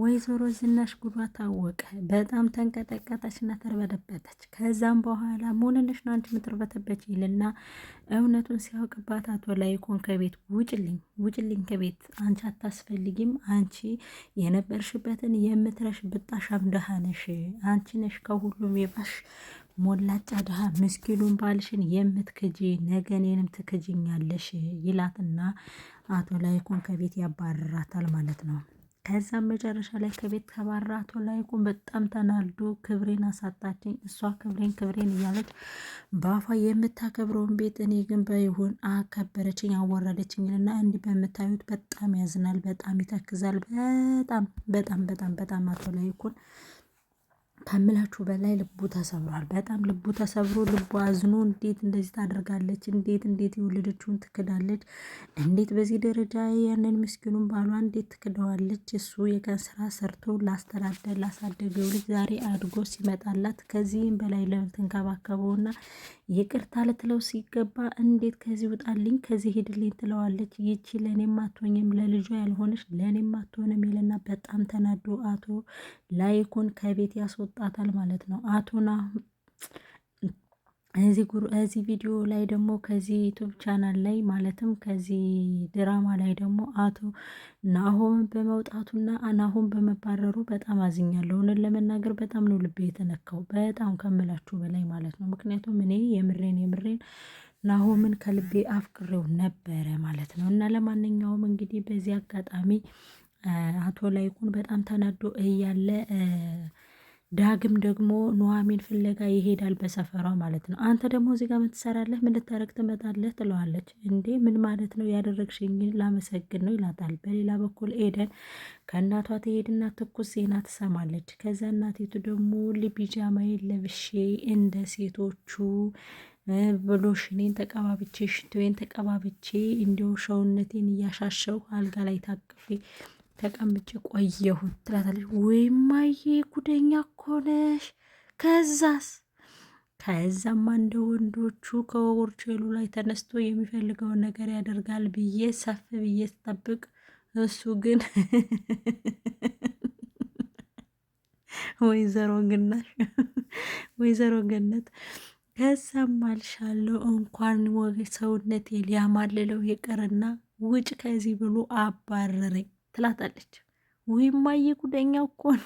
ወይዘሮ ዝናሽ ጉዷ ታወቀ። በጣም ተንቀጠቀጠች እና ተርበደበተች። ከዛም በኋላ ሞንነሽ ነው አንቺ የምትርበተበች ይልና እውነቱን ሲያውቅባት አቶ ላይኮን ከቤት ውጭልኝ፣ ውጭልኝ ከቤት አንቺ አታስፈልጊም፣ አንቺ የነበርሽበትን የምትረሽ ብጣሻም ደሃ ነሽ፣ አንቺ ነሽ ከሁሉም የባሽ ሞላጫ ድሃ ምስኪኑን ባልሽን የምትክጂ ነገኔንም እኔንም ትክጂኛለሽ ይላትና አቶ ላይኮን ከቤት ያባረራታል ማለት ነው። ከዛም መጨረሻ ላይ ከቤት አቶ ላይኩን በጣም ተናዶ ክብሬን አሳጣችኝ፣ እሷ ክብሬን ክብሬን እያለች በአፏ የምታከብረውን ቤት እኔ ግን በይሁን አከበረችኝ፣ አወረደችኝ እና እንዲህ በምታዩት በጣም ያዝናል፣ በጣም ይተክዛል። በጣም በጣም በጣም በጣም አቶ ላይኩን ከምላችሁ በላይ ልቡ ተሰብሯል። በጣም ልቡ ተሰብሮ ልቡ አዝኖ እንዴት እንደዚህ ታደርጋለች? እንዴት እንዴት የወለደችውን ትክዳለች? እንዴት በዚህ ደረጃ ያንን ምስኪኑን ባሏ እንዴት ትክደዋለች? እሱ የቀን ስራ ሰርቶ ላስተዳደር ላሳደገው ልጅ ዛሬ አድጎ ሲመጣላት ከዚህም በላይ ለምትንከባከበውና ይቅርታ ልትለው ሲገባ እንዴት ከዚህ ውጣልኝ ከዚህ ሂድልኝ ትለዋለች። ይቺ ለእኔ ማትሆኝም ለልጇ ያልሆነች ለእኔ ማትሆነ ሚልና በጣም ተናዶ አቶ ላይኩን ከቤት ያስወጣታል ማለት ነው አቶና እዚህ ቪዲዮ ላይ ደግሞ ከዚህ ዩቱብ ቻናል ላይ ማለትም ከዚህ ድራማ ላይ ደግሞ አቶ ናሆም በመውጣቱና ናሆም በመባረሩ በጣም አዝኛለሁ። እውነት ለመናገር በጣም ነው ልቤ የተነካው፣ በጣም ከምላችሁ በላይ ማለት ነው። ምክንያቱም እኔ የምሬን የምሬን ናሆምን ከልቤ አፍቅሬው ነበረ ማለት ነው። እና ለማንኛውም እንግዲህ በዚህ አጋጣሚ አቶ ላይኩን በጣም ተናዶ እያለ ዳግም ደግሞ ኑሐሚን ፍለጋ ይሄዳል በሰፈሯ ማለት ነው። አንተ ደግሞ እዚህ ጋር ምትሰራለህ? ምን ልታረግ ትመጣለህ? ትለዋለች። እንዴ ምን ማለት ነው ያደረግሽኝ? ላመሰግን ነው ይላታል። በሌላ በኩል ኤደን ከእናቷ ትሄድና ትኩስ ዜና ትሰማለች። ከዛ እናቴቱ ደግሞ ልቢጃማዬን ለብሼ እንደ ሴቶቹ ብሎሽኔን ተቀባብቼ ሽቶዬን ተቀባብቼ እንዲሁ ሸውነቴን እያሻሸው አልጋ ላይ ታቅፌ ተቀምጬ ቆየሁን ትላታለች። ወይማዬ ጉደኛ እኮ ነሽ። ከዛስ ከዛም እንደ ወንዶቹ ከወርቼሉ ላይ ተነስቶ የሚፈልገውን ነገር ያደርጋል ብዬ ሰፍ ብዬ ስጠብቅ እሱ ግን ወይዘሮ ግናሽ ወይዘሮ ገነት ከዛም አልሻለሁ እንኳን ሰውነቴ ሊያማልለው የቀርና ውጭ ከዚህ ብሎ አባረረኝ። ትላታለች። ወይም አየ ጉደኛው እኮን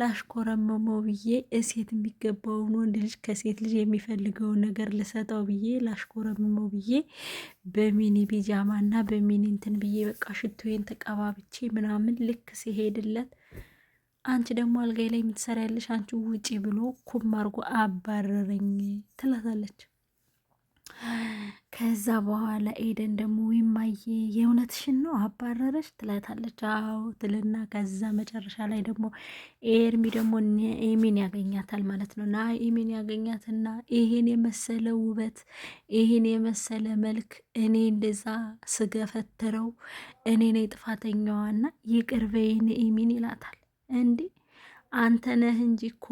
ላሽኮረመመው ብዬ እሴት የሚገባውን ወንድ ልጅ ከሴት ልጅ የሚፈልገውን ነገር ልሰጠው ብዬ ላሽኮረመመው ብዬ በሚኒ ቢጃማ እና በሚኒ እንትን ብዬ በቃ ሽቶዬን ተቀባብቼ ምናምን ልክ ሲሄድለት አንቺ ደግሞ አልጋይ ላይ የምትሰሪያለሽ አንቺ ውጪ ብሎ ኩም አድርጎ አባረረኝ ትላታለች። ከዛ በኋላ ኤደን ደግሞ ይማዬ የእውነትሽን ነው አባረረች ትላታለች። አዎ ትልና ከዛ መጨረሻ ላይ ደግሞ ኤርሚ ደግሞ ኤሚን ያገኛታል ማለት ነው። ና ኤሚን ያገኛትና ይሄን የመሰለ ውበት፣ ይሄን የመሰለ መልክ እኔ እንደዛ ስገፈትረው እኔ ነኝ ጥፋተኛዋና ይቅር በይን ኤሚን ይላታል። እንዴ አንተ ነህ እንጂ እኮ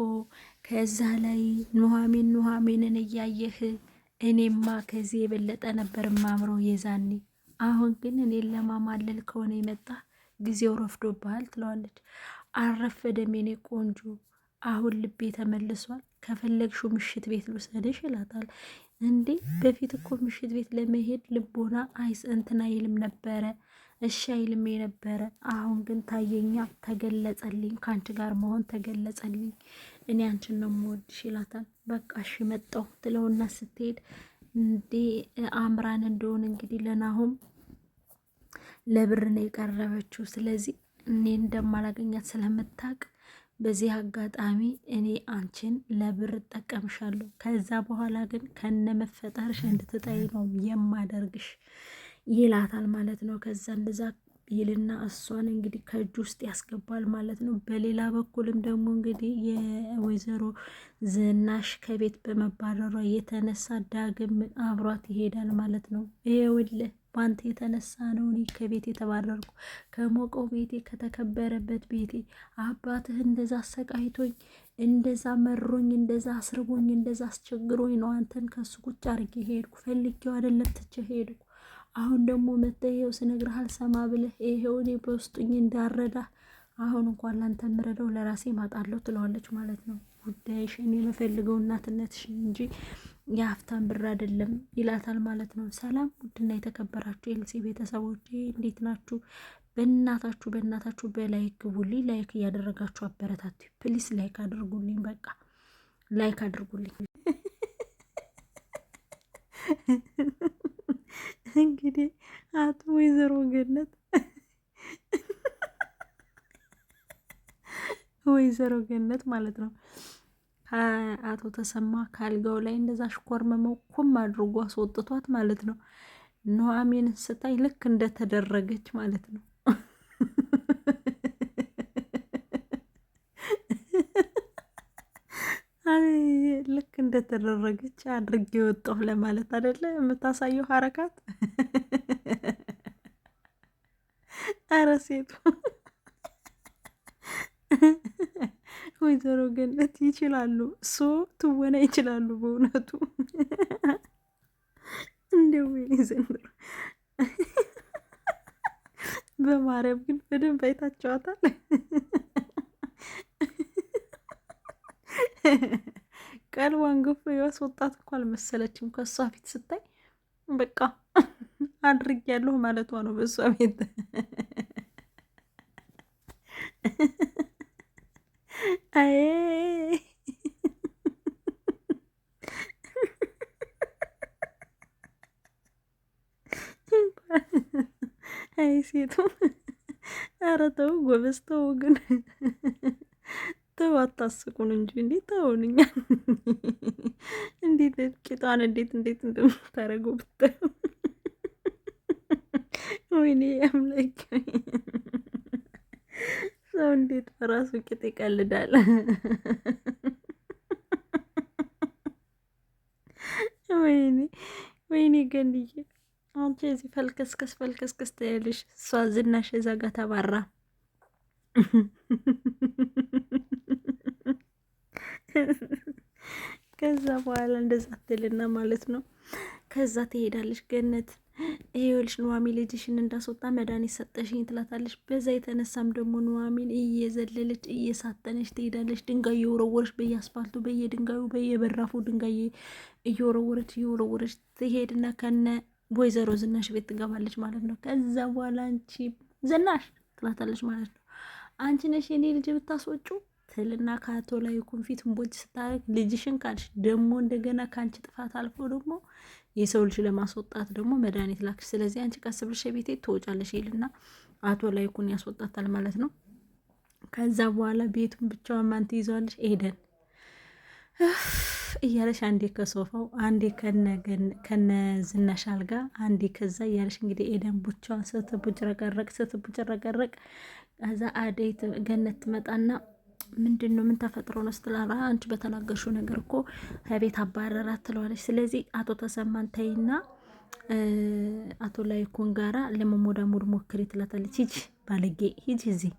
ከዛ ላይ ኑሐሚን ኑሐሚንን እያየህ እኔማ ከዚህ የበለጠ ነበር ማምሮ የዛኔ። አሁን ግን እኔን ለማማለል ከሆነ የመጣ ጊዜው ረፍዶብሃል ትለዋለች። አልረፈደም የኔ ቆንጆ፣ አሁን ልቤ ተመልሷል። ከፈለግሽው ምሽት ቤት ልውሰድሽ ይላታል። እንዴ በፊት እኮ ምሽት ቤት ለመሄድ ልቦና አይስ እንትን አይልም ነበረ እሺ አይልም የነበረ አሁን ግን ታየኛ ተገለጸልኝ፣ ከአንቺ ጋር መሆን ተገለጸልኝ፣ እኔ አንቺን ነው የምወድሽ ይላታል። በቃ እሺ መጣሁ ትለውና ስትሄድ እንዴ አምራን እንደሆነ እንግዲህ ለናሆም ለብር ነው የቀረበችው። ስለዚህ እኔ እንደማላገኛት ስለምታቅ በዚህ አጋጣሚ እኔ አንቺን ለብር እጠቀምሻለሁ። ከዛ በኋላ ግን ከነ መፈጠርሽ እንድትጠይ ነው የማደርግሽ ይላታል ማለት ነው። ከዛ እንደዛ ይልና እሷን እንግዲህ ከእጅ ውስጥ ያስገባል ማለት ነው። በሌላ በኩልም ደግሞ እንግዲህ የወይዘሮ ዝናሽ ከቤት በመባረሯ የተነሳ ዳግም አብሯት ይሄዳል ማለት ነው። ይኸውልህ ባንተ የተነሳ ነው እኔ ከቤት የተባረርኩ ከሞቀው ቤቴ ከተከበረበት ቤቴ አባትህ እንደዛ አሰቃይቶኝ እንደዛ መሮኝ እንደዛ አስርቦኝ እንደዛ አስቸግሮኝ ነው አንተን ከሱ ቁጭ አርጌ ሄድኩ። ፈልጌው አይደለም ትቼ ሄድኩ አሁን ደግሞ መተህ ይኸው ስነግርህ አልሰማ ብለህ ይሄውን በውስጡኝ እንዳረዳ አሁን እንኳን ላንተ ምረደው ለራሴ ማጣለሁ ትለዋለች ማለት ነው። ጉዳይሽን የምፈልገው እናትነትሽን እንጂ የሀብታም ብር አይደለም ይላታል ማለት ነው። ሰላም ውድና የተከበራችሁ የልሴ ቤተሰቦች እንዴት ናችሁ? በእናታችሁ በእናታችሁ በላይክ ግቡልኝ። ላይክ እያደረጋችሁ አበረታቱ ፕሊስ። ላይክ አድርጉልኝ፣ በቃ ላይክ አድርጉልኝ። እንግዲህ አቶ ወይዘሮ ገነት ወይዘሮ ገነት ማለት ነው አቶ ተሰማ ካልጋው ላይ እንደዛ ሽኮር ኩም አድርጎ አስወጥቷት ማለት ነው። ኑሐሚንን ስታይ ልክ እንደተደረገች ማለት ነው። ልክ እንደተደረገች አድርጌ ወጣሁ ለማለት አደለ የምታሳየው ሀረካት። አረ ሴቱ ወይዘሮ ገነት ይችላሉ፣ ሶ ትወና ይችላሉ። በእውነቱ እንደው ዘንድሮ በማርያም ግን በደንብ አይታቸዋታል። ቀልቧን ግፍ ያስወጣት እኮ አልመሰለችም። ከእሷ ፊት ስታይ በቃ አድርጌያለሁ ማለቷ ነው። በእሷ ቤት አይ አይ ሴቱ ኧረ ተው ጎበዝ ተው ግን ተው አታስቁን እንጂ እንዴት አሁንኛ እንዴት ቂጧን እንዴት እንዴት እንደምታደርጉ ብታይ ወይኔ አምላክ ሰው እንዴት በራሱ ቂጥ ይቀልዳል ወይኔ ወይኔ ገንዬ አንቺ እዚህ ፈልከስከስ ፈልከስከስ ታያለሽ እሷ ዝናሽ እዛ ጋር ተባራ ከዛ በኋላ እንደዛ ትልና ማለት ነው። ከዛ ትሄዳለች ገነት ይኸውልሽ ኑሐሚ ልጅሽን እንዳስወጣ መድኃኒት ሰጠሽኝ ትላታለች። በዛ የተነሳም ደግሞ ኑሐሚን እየዘለለች እየሳጠነች ትሄዳለች። ድንጋይ እየወረወረች በየአስፋልቱ፣ በየድንጋዩ፣ በየበራፉ ድንጋይ እየወረወረች እየወረወረች ትሄድና ከነ ወይዘሮ ዝናሽ ቤት ትገባለች ማለት ነው። ከዛ በኋላ አንቺ ዝናሽ ትላታለች ማለት ነው። አንቺ ነሽ የኔ ልጅ ብታስወጪው ትልና ከአቶ ላይ ፊት እንቦጭ ስታደርግ ልጅሽን ካልሽ ደግሞ እንደገና ከአንቺ ጥፋት አልፎ ደግሞ የሰው ልጅ ለማስወጣት ደግሞ መድኃኒት ላክሽ። ስለዚህ አንቺ ቀስ ብለሽ ቤቴ ትወጫለሽ ይልና አቶ ላይ ኩን ያስወጣታል ማለት ነው። ከዛ በኋላ ቤቱን ብቻዋን ማን ትይዘዋለሽ? ኤደን እያለሽ አንዴ ከሶፋው አንዴ ከነ ዝናሽ አልጋ አንዴ ከዛ እያለሽ እንግዲህ ኤደን ቡቻዋን ስትቡጭረቀረቅ ስትቡጭረቀረቅ ከዛ አደይ ገነት ትመጣና ምንድን ነው ምን ተፈጥሮ ነው ስትላራ አንቺ በተናገርሽው ነገር እኮ ከቤት አባረራት ትለዋለች። ስለዚህ አቶ ተሰማን ተይና አቶ ላይኩን ጋራ ለመሞዳሞድ ሞክሪ ትላታለች። ሂጂ ባለጌ ሂጂ፣ እዚህ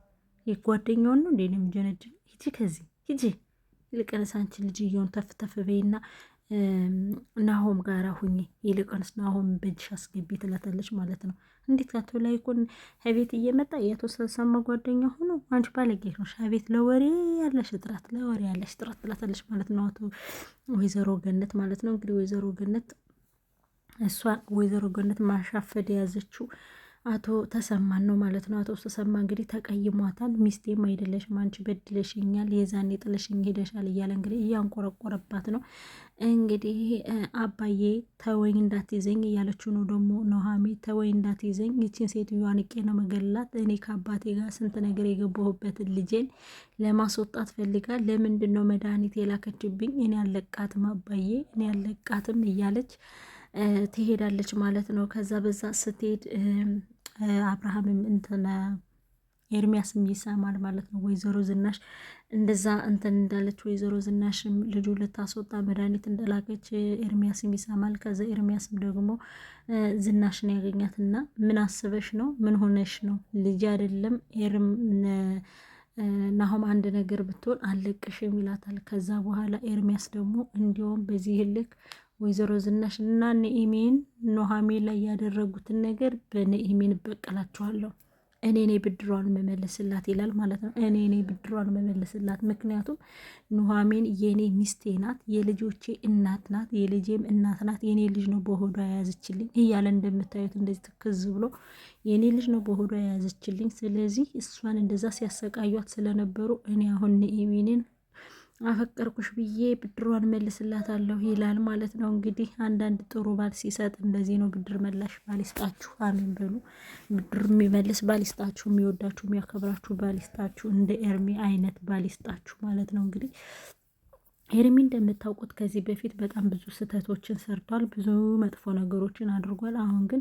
ጓደኛውን ነው እንዴ ነው የሚጀነጅ? ሂጂ ከዚህ ሂጂ፣ ልቀነሳንችን ልጅ እየሆን ተፍተፍ በይና ናሆም ጋራ ሁኚ ይልቅንስ ናሆም በእጅሽ አስገቢ ትላታለች ማለት ነው። እንዴት አቶ ላይ ኮን ከቤት እየመጣ የአቶ ተሰማ ጓደኛ ሆኖ አንቺ ባለጌ ነሽ፣ ከቤት ለወሬ ያለሽ እጥረት፣ ለወሬ ያለሽ እጥረት ትላታለች ማለት ነው። አቶ ወይዘሮ ገነት ማለት ነው እንግዲህ ወይዘሮ ገነት እሷ ወይዘሮ ገነት ማሻፈድ የያዘችው አቶ ተሰማን ነው ማለት ነው። አቶ ተሰማ እንግዲህ ተቀይሟታል። ሚስቴም አይደለሽም አንቺ በድለሽኛል፣ የዛኔ ጥለሽኝ ሄደሻል እያለ እንግዲህ እያንቆረቆረባት ነው። እንግዲህ አባዬ ተወኝ እንዳትይዘኝ እያለችው ነው። ደግሞ ኑሃሜ ተወኝ እንዳትይዘኝ ይችን ሴትዮዋ ንቄ ነው መገላት። እኔ ከአባቴ ጋር ስንት ነገር የገባሁበትን ልጄን ለማስወጣት ፈልጋል። ለምንድን ነው መድኃኒት የላከችብኝ? እኔ አለቃትም አባዬ፣ እኔ አለቃትም እያለች ትሄዳለች ማለት ነው። ከዛ በዛ ስትሄድ አብርሃምም እንትነ ኤርሚያስም ይሰማል ማለት ነው። ወይዘሮ ዝናሽ እንደዛ እንትን እንዳለች ወይዘሮ ዝናሽም ልጁ ልታስወጣ መድኃኒት እንደላከች ኤርሚያስም ይሰማል። ከዛ ኤርሚያስም ደግሞ ዝናሽን ያገኛትና ምን አስበሽ ነው? ምን ሆነሽ ነው? ልጅ አይደለም ኤርም ናሆም አንድ ነገር ብትሆን አለቅሽም ይላታል። ከዛ በኋላ ኤርሚያስ ደግሞ እንዲሁም በዚህ ልክ ወይዘሮ ዝናሽ እና ኑሃሚን ኑሃሚን ላይ ያደረጉትን ነገር በኑሃሚን እበቀላቸዋለሁ። እኔ ኔ ብድሯን መመልስላት ይላል ማለት ነው። እኔ ኔ ብድሯን መመልስላት፣ ምክንያቱም ኑሃሚን የኔ ሚስቴ ናት፣ የልጆቼ እናት ናት፣ የልጄም እናት ናት። ልጅ ነው በሆዷ የያዘችልኝ እያለ እንደምታዩት እንደዚህ ትክዝ ብሎ የኔ ልጅ ነው በሆዷ የያዘችልኝ። ስለዚህ እሷን እንደዛ ሲያሰቃዩት ስለነበሩ እኔ አሁን ኑሃሚንን አፈቀርኩሽ ብዬ ብድሯን መልስላታለሁ ይላል ማለት ነው። እንግዲህ አንዳንድ ጥሩ ባል ሲሰጥ እንደዚህ ነው። ብድር መላሽ ባል ይስጣችሁ፣ አሜን በሉ። ብድር የሚመልስ ባል ይስጣችሁ፣ የሚወዳችሁ የሚያከብራችሁ ባል ይስጣችሁ፣ እንደ ኤርሚ አይነት ባል ይስጣችሁ ማለት ነው እንግዲህ ኤርሚ እንደምታውቁት ከዚህ በፊት በጣም ብዙ ስህተቶችን ሰርቷል። ብዙ መጥፎ ነገሮችን አድርጓል። አሁን ግን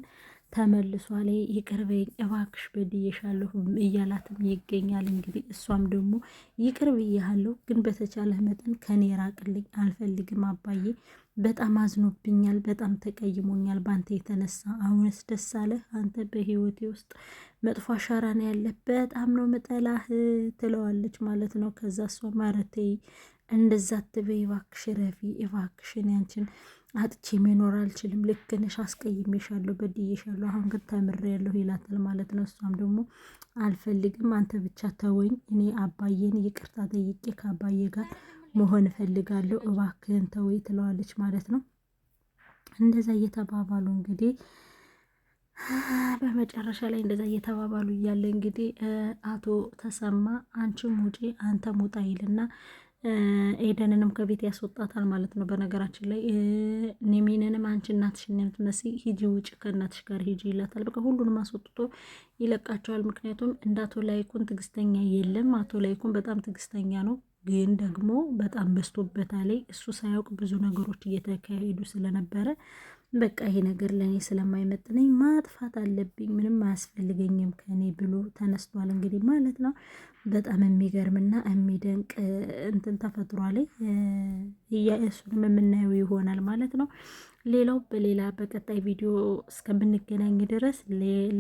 ተመልሷል። ላይ ይቅር በይኝ እባክሽ በድዬሻለሁ እያላትም ይገኛል። እንግዲህ እሷም ደግሞ ይቅር ብዬሃለሁ፣ ግን በተቻለህ መጠን ከኔ ራቅልኝ፣ አልፈልግም አባዬ በጣም አዝኖብኛል፣ በጣም ተቀይሞኛል በአንተ የተነሳ። አሁንስ ደስ አለህ አንተ በህይወቴ ውስጥ መጥፎ አሻራ ነው ያለ፣ በጣም ነው መጠላህ ትለዋለች ማለት ነው። ከዛ እሷ ማረቴ እንደዛ ትበይ እባክሽ ረፊ እባክሽን ያንችን አጥቼ መኖር አልችልም። ልክ ነሽ፣ አስቀይሜሻለሁ፣ በድዬሻለሁ፣ አሁን ግን ተምሬያለሁ ይላታል ማለት ነው። እሷም ደግሞ አልፈልግም፣ አንተ ብቻ ተወኝ፣ እኔ አባዬን ይቅርታ ጠይቄ ከአባዬ ጋር መሆን እፈልጋለሁ፣ እባክህን ተወይ ትለዋለች ማለት ነው። እንደዛ እየተባባሉ እንግዲህ በመጨረሻ ላይ እንደዛ እየተባባሉ እያለ እንግዲህ አቶ ተሰማ አንቺም ውጪ አንተም ውጣ ይልና ኤደንንም ከቤት ያስወጣታል ማለት ነው። በነገራችን ላይ ኔሚንንም አንቺ እናትሽን የምትመስይ ሂጂ ውጭ ከእናትሽ ጋር ሂጂ ይላታል። በቃ ሁሉንም አስወጥቶ ይለቃቸዋል። ምክንያቱም እንደ አቶ ላይኩን ትግስተኛ የለም። አቶ ላይኩን በጣም ትግስተኛ ነው፣ ግን ደግሞ በጣም ላይ እሱ ሳያውቅ ብዙ ነገሮች እየተካሄዱ ስለነበረ በቃ ይሄ ነገር ለእኔ ስለማይመጥነኝ ማጥፋት አለብኝ፣ ምንም አያስፈልገኝም ከእኔ ብሎ ተነስቷል። እንግዲህ ማለት ነው በጣም የሚገርምና የሚደንቅ እንትን ተፈጥሯል። እሱንም የምናየው ይሆናል ማለት ነው። ሌላው በሌላ በቀጣይ ቪዲዮ እስከምንገናኝ ድረስ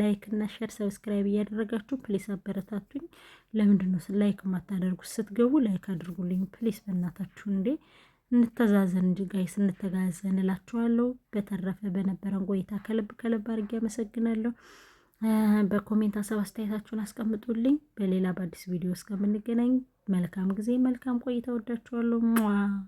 ላይክ እና ሼር ሰብስክራይብ እያደረጋችሁ ፕሊስ አበረታቱኝ። ለምንድን ነው ላይክ የማታደርጉት? ስትገቡ ላይክ አድርጉልኝ ፕሊስ በእናታችሁ እንዴ! እንተዛዘን እንጂ ጋይስ እንተጋዘን እላችኋለሁ። በተረፈ በነበረን ቆይታ ከልብ ከልብ አድርጌ አመሰግናለሁ። በኮሜንት ሀሳብ አስተያየታችሁን አስቀምጡልኝ። በሌላ በአዲስ ቪዲዮ እስከምንገናኝ መልካም ጊዜ፣ መልካም ቆይታ። ወዳችኋለሁ።